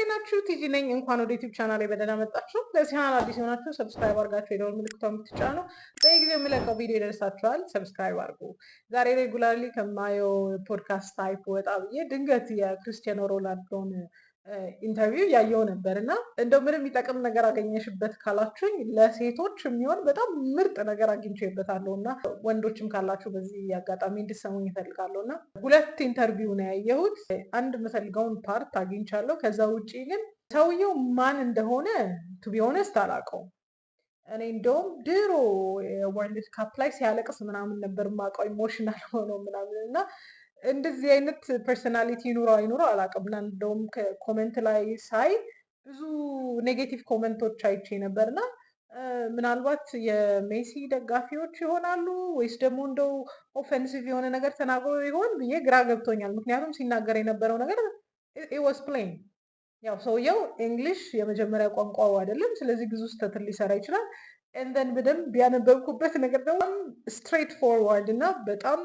እንዴት ናችሁ? ቲጂ ነኝ። እንኳን ወደ ዩቲብ ቻናል ላይ በደህና መጣችሁ። ለዚህ ቻናል አዲስ የሆናችሁ ሰብስክራይብ አድርጋችሁ የደወል ምልክቷን የምትጫኑ በየጊዜው የምለቀው ቪዲዮ ይደርሳችኋል። ሰብስክራይብ አድርጉ። ዛሬ ሬጉላርሊ ከማየው ፖድካስት ታይፕ ወጣ ብዬ ድንገት የክርስቲያኖ ሮላንዶን ኢንተርቪው ያየው ነበር እና እንደው ምን የሚጠቅም ነገር አገኘሽበት ካላችሁኝ ለሴቶች የሚሆን በጣም ምርጥ ነገር አግኝቼበታለሁ እና ወንዶችም ካላችሁ በዚህ አጋጣሚ እንድሰሙኝ ይፈልጋለሁ እና ሁለት ኢንተርቪው ነው ያየሁት። አንድ የምፈልገውን ፓርት አግኝቻለሁ። ከዛ ውጪ ግን ሰውየው ማን እንደሆነ ቱቢ ሆነስት አላውቀውም። እኔ እንደውም ድሮ ወርልድ ካፕ ላይ ሲያለቅስ ምናምን ነበር ማውቀው ኢሞሽናል ሆኖ ምናምን እና እንደዚህ አይነት ፐርሰናሊቲ ይኑረው አይኑረው አላውቅም። እና እንደውም ከኮመንት ላይ ሳይ ብዙ ኔጌቲቭ ኮመንቶች አይቼ ነበር እና ምናልባት የሜሲ ደጋፊዎች ይሆናሉ ወይስ ደግሞ እንደው ኦፌንሲቭ የሆነ ነገር ተናግሮ ይሆን ብዬ ግራ ገብቶኛል። ምክንያቱም ሲናገር የነበረው ነገር ኢወስ ፕሌን ያው ሰውየው እንግሊሽ የመጀመሪያ ቋንቋው አይደለም። ስለዚህ ብዙ ስህተትን ሊሰራ ይችላል። እንደን በደንብ ያነበብኩበት ነገር ደግሞ ስትሬት ፎርዋርድ እና በጣም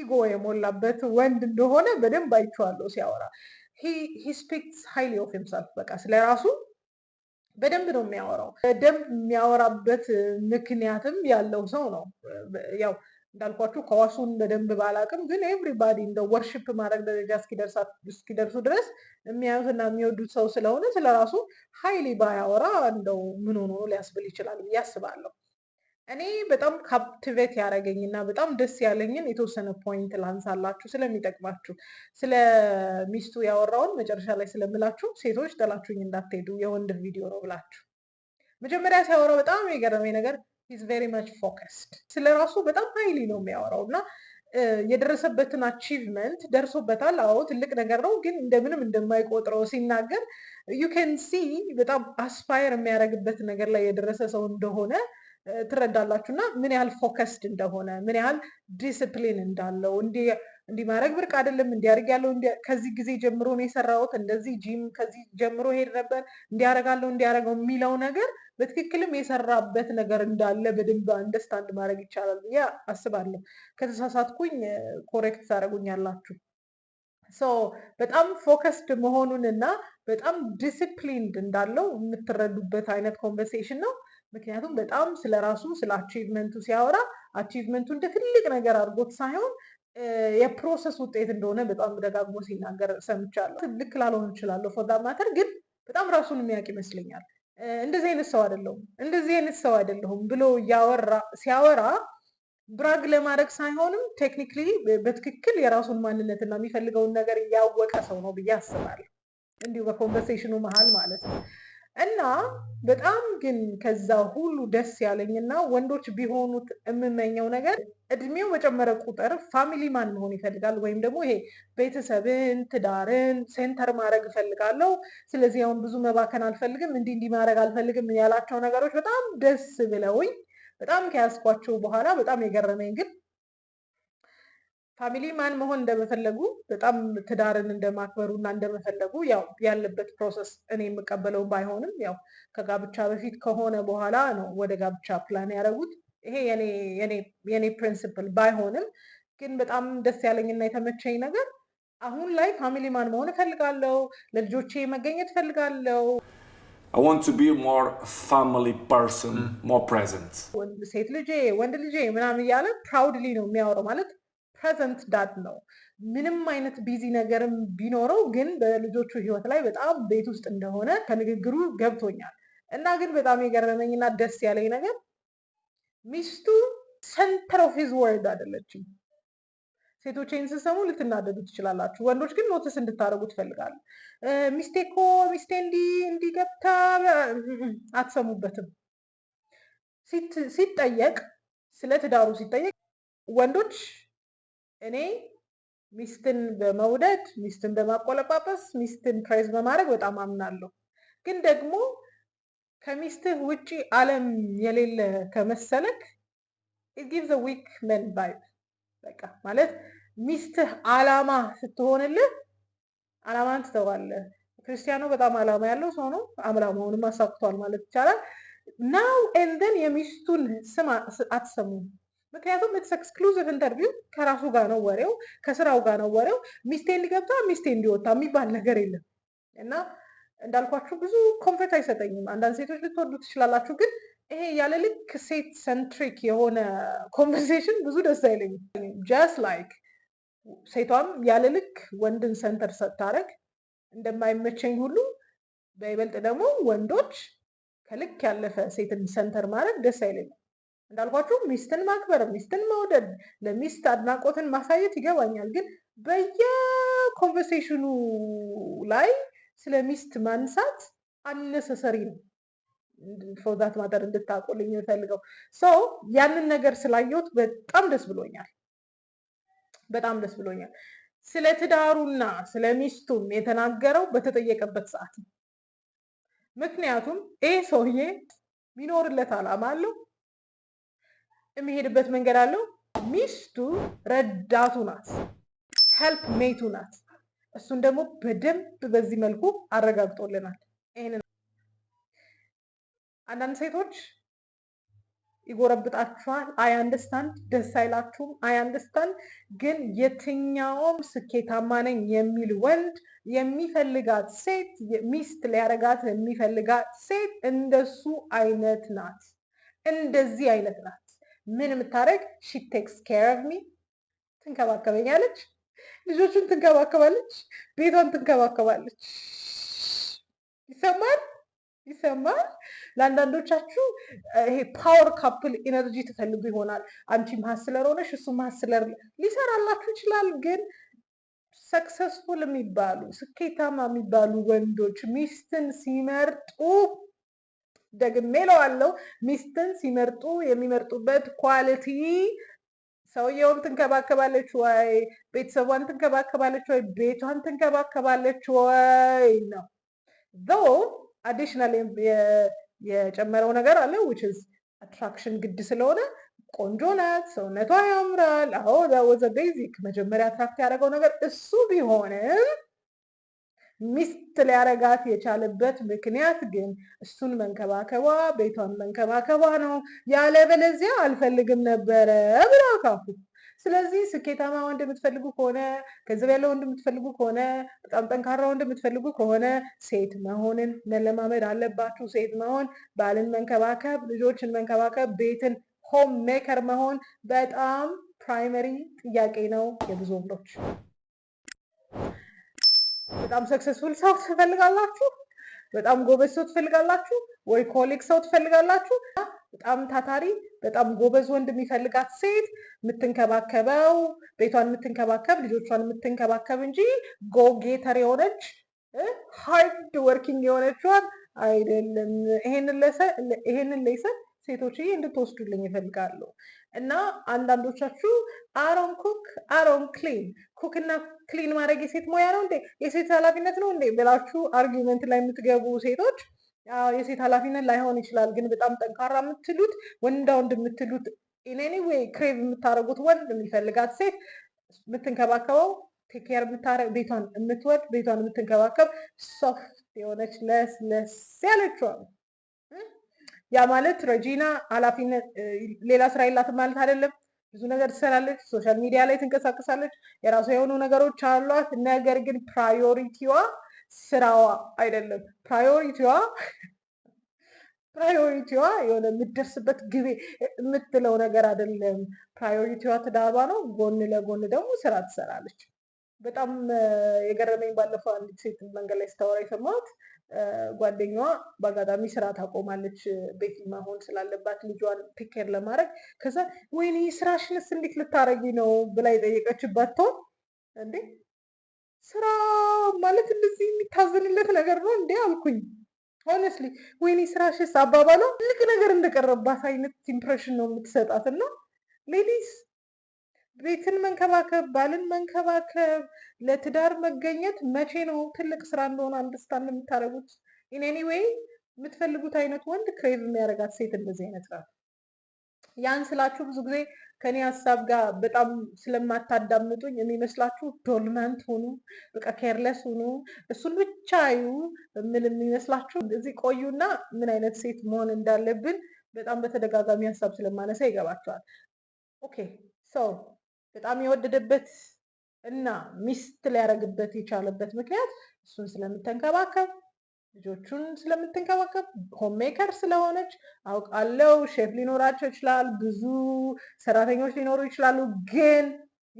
ኢጎ የሞላበት ወንድ እንደሆነ በደንብ አይቼዋለሁ ሲያወራ። ሂ ስፒክስ ሃይሊ ኦፍ ሂምሰልፍ በቃ ስለራሱ በደንብ ነው የሚያወራው። በደንብ የሚያወራበት ምክንያትም ያለው ሰው ነው። ያው እንዳልኳችሁ ከዋሱን በደንብ ባላቅም፣ ግን ኤቭሪባዲ እንደ ወርሽፕ ማድረግ ደረጃ እስኪደርሱ ድረስ የሚያዩትና የሚወዱት ሰው ስለሆነ ስለራሱ ሀይሊ ባያወራ እንደው ምን ሆኖ ሊያስብል ይችላል ብዬ አስባለሁ። እኔ በጣም ካፕቲቬት ያደረገኝ እና በጣም ደስ ያለኝን የተወሰነ ፖይንት ላንሳላችሁ ስለሚጠቅማችሁ። ስለ ሚስቱ ያወራውን መጨረሻ ላይ ስለምላችሁ ሴቶች ጥላችሁኝ እንዳትሄዱ የወንድ ቪዲዮ ነው ብላችሁ። መጀመሪያ ሲያወራው በጣም የገረመኝ ነገር ኢዝ ማች ፎከስድ፣ ስለ ራሱ በጣም ሀይሊ ነው የሚያወራው እና የደረሰበትን አቺቭመንት ደርሶበታል። አዎ ትልቅ ነገር ነው፣ ግን እንደምንም እንደማይቆጥረው ሲናገር ዩ ከን ሲ በጣም አስፓየር የሚያደርግበት ነገር ላይ የደረሰ ሰው እንደሆነ ትረዳላችሁ እና ምን ያህል ፎከስድ እንደሆነ ምን ያህል ዲስፕሊን እንዳለው እንዲህ ማድረግ ብርቅ አይደለም፣ እንዲያደርግ ያለው ከዚህ ጊዜ ጀምሮ ነው የሰራሁት፣ እንደዚህ ጂም ከዚህ ጀምሮ ሄድ ነበር፣ እንዲያደርጋለሁ እንዲያደርገው የሚለው ነገር በትክክልም የሰራበት ነገር እንዳለ በደንብ አንደርስታንድ ማድረግ ይቻላል ብዬ አስባለሁ። ከተሳሳትኩኝ ኮሬክት ታደርጉኛላችሁ። ሶ በጣም ፎከስድ መሆኑን እና በጣም ዲስፕሊንድ እንዳለው የምትረዱበት አይነት ኮንቨርሴሽን ነው። ምክንያቱም በጣም ስለ ራሱ ስለ አቺቭመንቱ ሲያወራ አቺቭመንቱ እንደ ትልቅ ነገር አድርጎት ሳይሆን የፕሮሰስ ውጤት እንደሆነ በጣም ደጋግሞ ሲናገር ሰምቻለሁ። ልክ ላልሆን እችላለሁ ፎር ማተር ግን በጣም ራሱን የሚያውቅ ይመስለኛል። እንደዚህ አይነት ሰው አይደለሁም፣ እንደዚህ አይነት ሰው አይደለሁም ብሎ እያወራ ሲያወራ ብራግ ለማድረግ ሳይሆንም ቴክኒክሊ በትክክል የራሱን ማንነትና የሚፈልገውን ነገር እያወቀ ሰው ነው ብዬ አስባለሁ። እንዲሁ በኮንቨርሴሽኑ መሀል ማለት ነው። እና በጣም ግን ከዛ ሁሉ ደስ ያለኝ እና ወንዶች ቢሆኑት የምመኘው ነገር እድሜው በጨመረ ቁጥር ፋሚሊ ማን መሆን ይፈልጋል ወይም ደግሞ ይሄ ቤተሰብን፣ ትዳርን ሴንተር ማድረግ እፈልጋለሁ። ስለዚህ አሁን ብዙ መባከን አልፈልግም፣ እንዲህ እንዲህ ማድረግ አልፈልግም ያላቸው ነገሮች በጣም ደስ ብለውኝ በጣም ከያዝኳቸው በኋላ በጣም የገረመኝ ግን ፋሚሊ ማን መሆን እንደመፈለጉ በጣም ትዳርን እንደማክበሩ እና እንደመፈለጉ ያው ያለበት ፕሮሰስ እኔ የምቀበለው ባይሆንም ያው ከጋብቻ በፊት ከሆነ በኋላ ነው ወደ ጋብቻ ፕላን ያደረጉት። ይሄ የኔ ፕሪንስፕል ባይሆንም ግን በጣም ደስ ያለኝ እና የተመቸኝ ነገር አሁን ላይ ፋሚሊ ማን መሆን እፈልጋለው ለልጆቼ መገኘት እፈልጋለው እፈልጋለሁ። mm. ሴት ልጄ ወንድ ልጄ ምናምን እያለ ፕራውድሊ ነው የሚያወራው ማለት ፕሬዘንት ዳድ ነው። ምንም አይነት ቢዚ ነገርም ቢኖረው ግን በልጆቹ ህይወት ላይ በጣም ቤት ውስጥ እንደሆነ ከንግግሩ ገብቶኛል። እና ግን በጣም የገረመኝ እና ደስ ያለኝ ነገር ሚስቱ ሰንተር ኦፍ ሂዝ ወርድ አይደለችም። ሴቶች ይህን ስትሰሙ ልትናደዱ ትችላላችሁ። ወንዶች ግን ኖትስ እንድታደርጉ ትፈልጋል። ሚስቴ እኮ ሚስቴ እንዲ እንዲገብታ አትሰሙበትም። ሲጠየቅ ስለ ትዳሩ ሲጠየቅ ወንዶች እኔ ሚስትን በመውደድ ሚስትን በማቆለጳጳስ ሚስትን ፕራይዝ በማድረግ በጣም አምናለሁ። ግን ደግሞ ከሚስትህ ውጪ ዓለም የሌለ ከመሰለክ ኢትጊቭ ዘ ዊክ መን ቫይብ በቃ ማለት ሚስትህ ዓላማ ስትሆንልህ ዓላማን ትተዋለህ። ክርስቲያኖ በጣም ዓላማ ያለው ሰው ነው። ዓላማውንም አሳክቷል ማለት ይቻላል። ናው ኤንደን የሚስቱን ስም አትሰሙም። ምክንያቱም ኢትስ ኤክስክሉዚቭ ኢንተርቪው ከራሱ ጋር ነው ወሬው፣ ከስራው ጋር ነው ወሬው። ሚስቴ እንዲገብታ ሚስቴ እንዲወጣ የሚባል ነገር የለም እና እንዳልኳችሁ ብዙ ኮንፈርት አይሰጠኝም። አንዳንድ ሴቶች ልትወዱ ትችላላችሁ፣ ግን ይሄ ያለ ልክ ሴት ሰንትሪክ የሆነ ኮንቨርሴሽን ብዙ ደስ አይለኝም። ጀስት ላይክ ሴቷም ያለ ልክ ወንድን ሰንተር ስታደርግ እንደማይመቸኝ ሁሉ በይበልጥ ደግሞ ወንዶች ከልክ ያለፈ ሴትን ሰንተር ማድረግ ደስ አይለኝም። እንዳልኳችሁ ሚስትን ማክበር፣ ሚስትን መውደድ፣ ለሚስት አድናቆትን ማሳየት ይገባኛል። ግን በየኮንቨርሴሽኑ ላይ ስለ ሚስት ማንሳት አነሰሰሪ ነው። ፎዛት ማጠር እንድታቆልኝ የምፈልገው ሰው ያንን ነገር ስላየሁት በጣም ደስ ብሎኛል። በጣም ደስ ብሎኛል። ስለ ትዳሩና ስለ ሚስቱም የተናገረው በተጠየቀበት ሰዓት ነው። ምክንያቱም ይህ ሰውዬ ሚኖርለት ዓላማ አለው የሚሄድበት መንገድ አለው። ሚስቱ ረዳቱ ናት፣ ሄልፕ ሜቱ ናት። እሱን ደግሞ በደንብ በዚህ መልኩ አረጋግጦልናል። ይህንን አንዳንድ ሴቶች ይጎረብጣችኋል። አይ አንደስታንድ ደስ አይላችሁም። አይ አንደስታንድ ግን የትኛውም ስኬታማ ነኝ የሚል ወንድ የሚፈልጋት ሴት ሚስት ሊያረጋት የሚፈልጋት ሴት እንደሱ አይነት ናት፣ እንደዚህ አይነት ናት። ምን የምታደርግ ሺ ቴክስ ኬር ኦፍ ሚ ትንከባከበኛለች። ልጆቹን ትንከባከባለች። ቤቷን ትንከባከባለች። ይሰማል ይሰማል። ለአንዳንዶቻችሁ ይሄ ፓወር ካፕል ኢነርጂ ትፈልጉ ይሆናል። አንቺም ሀስለር ሆነሽ እሱም ሀስለር ሊሰራላችሁ ይችላል። ግን ሰክሰስፉል የሚባሉ ስኬታማ የሚባሉ ወንዶች ሚስትን ሲመርጡ ደግሜ እለዋለሁ። ሚስትን ሲመርጡ የሚመርጡበት ኳሊቲ ሰውየውን ትንከባከባለች ወይ፣ ቤተሰቧን ትንከባከባለች ወይ፣ ቤቷን ትንከባከባለች ወይ ነው። ዞ አዲሽናል የጨመረው ነገር አለ ዊች ኢዝ አትራክሽን ግድ ስለሆነ ቆንጆ ናት፣ ሰውነቷ ያምራል። አዎ ዛት ዋዝ ቤዚክ መጀመሪያ አትራክት ያደረገው ነገር እሱ ቢሆንም ሚስት ሊያረጋት የቻለበት ምክንያት ግን እሱን መንከባከቧ ቤቷን መንከባከቧ ነው። ያለበለዚያ አልፈልግም ነበረ ብላ ካፉ። ስለዚህ ስኬታማ ወንድ የምትፈልጉ ከሆነ ገንዘብ ያለው ወንድ የምትፈልጉ ከሆነ በጣም ጠንካራ ወንድ የምትፈልጉ ከሆነ ሴት መሆንን መለማመድ አለባችሁ። ሴት መሆን፣ ባልን መንከባከብ፣ ልጆችን መንከባከብ፣ ቤትን ሆም ሜከር መሆን በጣም ፕራይመሪ ጥያቄ ነው የብዙ ወንዶች። በጣም ሰክሰስፉል ሰው ትፈልጋላችሁ፣ በጣም ጎበዝ ሰው ትፈልጋላችሁ፣ ወይ ኮሊግ ሰው ትፈልጋላችሁ። በጣም ታታሪ፣ በጣም ጎበዝ ወንድ የሚፈልጋት ሴት የምትንከባከበው ቤቷን የምትንከባከብ ልጆቿን የምትንከባከብ እንጂ ጎጌተር የሆነች ሃርድ ወርኪንግ የሆነችዋን አይደለም። ይሄንን ለይሰን ሴቶች እንድትወስዱልኝ ይፈልጋሉ እና አንዳንዶቻችሁ አሮን ኩክ አሮን ክሊን ኩክ እና ክሊን ማድረግ የሴት ሙያ ነው እንዴ የሴት ኃላፊነት ነው እንዴ ብላችሁ አርጊመንት ላይ የምትገቡ ሴቶች የሴት ኃላፊነት ላይሆን ይችላል፣ ግን በጣም ጠንካራ የምትሉት ወንዳ ወንድ የምትሉት ኢኔኒ ወይ ክሬቭ የምታደርጉት ወንድ የሚፈልጋት ሴት የምትንከባከበው ቴኬር የምታረግ ቤቷን የምትወድ ቤቷን የምትንከባከብ ሶፍት የሆነች ለስለስ ያለችዋል ያ ማለት ረጂና ኃላፊነት ሌላ ስራ የላትም ማለት አይደለም። ብዙ ነገር ትሰራለች። ሶሻል ሚዲያ ላይ ትንቀሳቀሳለች። የራሷ የሆኑ ነገሮች አሏት። ነገር ግን ፕራዮሪቲዋ ስራዋ አይደለም። ፕራዮሪቲዋ ፕራዮሪቲዋ የሆነ የምትደርስበት ግቤ የምትለው ነገር አይደለም። ፕራዮሪቲዋ ትዳሯ ነው። ጎን ለጎን ደግሞ ስራ ትሰራለች። በጣም የገረመኝ ባለፈው አንዲት ሴት መንገድ ላይ ስታወራ የሰማት ጓደኛዋ በአጋጣሚ ስራ ታቆማለች፣ ቤት መሆን ስላለባት ልጇን ፒኬር ለማድረግ ከዛ ወይኔ ስራሽንስ እንዴት ልታረጊ ነው ብላ የጠየቀችባት ትሆን እንዴ ስራ ማለት እንደዚህ የሚታዘንለት ነገር ነው እንዴ አልኩኝ። ሆነስሊ ወይኔ ስራሽስ አባባሏ ትልቅ ነገር እንደቀረባት አይነት ኢምፕሬሽን ነው የምትሰጣት እና ሌዲስ ቤትን መንከባከብ፣ ባልን መንከባከብ፣ ለትዳር መገኘት መቼ ነው ትልቅ ስራ እንደሆነ አንደርስታንድ የምታደርጉት? ኢን ኤኒ ዌይ የምትፈልጉት አይነት ወንድ ክሬቭ የሚያደርጋት ሴት እንደዚህ አይነት ናት። ያን ስላችሁ ብዙ ጊዜ ከኔ ሀሳብ ጋር በጣም ስለማታዳምጡኝ የሚመስላችሁ ዶልመንት ሁኑ፣ በቃ ኬርለስ ሁኑ፣ እሱን ብቻ ዩ ምን የሚመስላችሁ እዚህ ቆዩና ምን አይነት ሴት መሆን እንዳለብን በጣም በተደጋጋሚ ሀሳብ ስለማነሳ ይገባቸዋል። ኦኬ ሰው በጣም የወደደበት እና ሚስት ሊያደርግበት የቻለበት ምክንያት እሱን ስለምትንከባከብ ልጆቹን ስለምትንከባከብ ሆሜከር ስለሆነች አውቃለው። ሼፍ ሊኖራቸው ይችላል፣ ብዙ ሰራተኞች ሊኖሩ ይችላሉ፣ ግን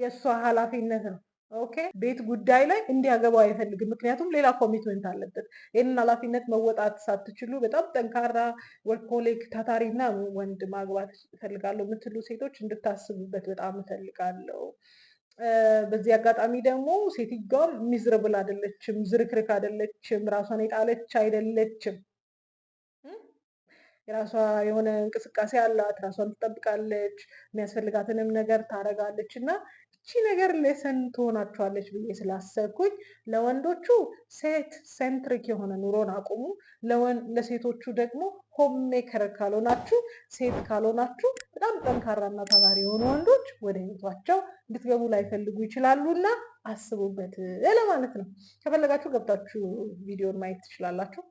የእሷ ኃላፊነት ነው። ኦኬ ቤት ጉዳይ ላይ እንዲያገባው አይፈልግም። ምክንያቱም ሌላ ኮሚትመንት አለበት። ይህንን ኃላፊነት መወጣት ሳትችሉ በጣም ጠንካራ ወርኮሌክ ታታሪና ወንድ ማግባት እፈልጋለሁ የምትሉ ሴቶች እንድታስቡበት በጣም እፈልጋለሁ። በዚህ አጋጣሚ ደግሞ ሴትዮዋም ሚዝረብል አይደለችም፣ ዝርክርክ አይደለችም፣ ራሷን የጣለች አይደለችም። የራሷ የሆነ እንቅስቃሴ አላት፣ ራሷን ትጠብቃለች፣ የሚያስፈልጋትንም ነገር ታደርጋለች እና እቺ ነገር ሌሰን ትሆናቸዋለች ብዬ ስላሰብኩኝ ለወንዶቹ ሴት ሴንትሪክ የሆነ ኑሮን አቁሙ፣ ለሴቶቹ ደግሞ ሆም ሜከር ካልሆናችሁ፣ ሴት ካልሆናችሁ በጣም ጠንካራና ታታሪ የሆኑ ወንዶች ወደ ህይወቷቸው እንድትገቡ ላይፈልጉ ይችላሉና አስቡበት ለማለት ነው። ከፈለጋችሁ ገብታችሁ ቪዲዮን ማየት ትችላላችሁ።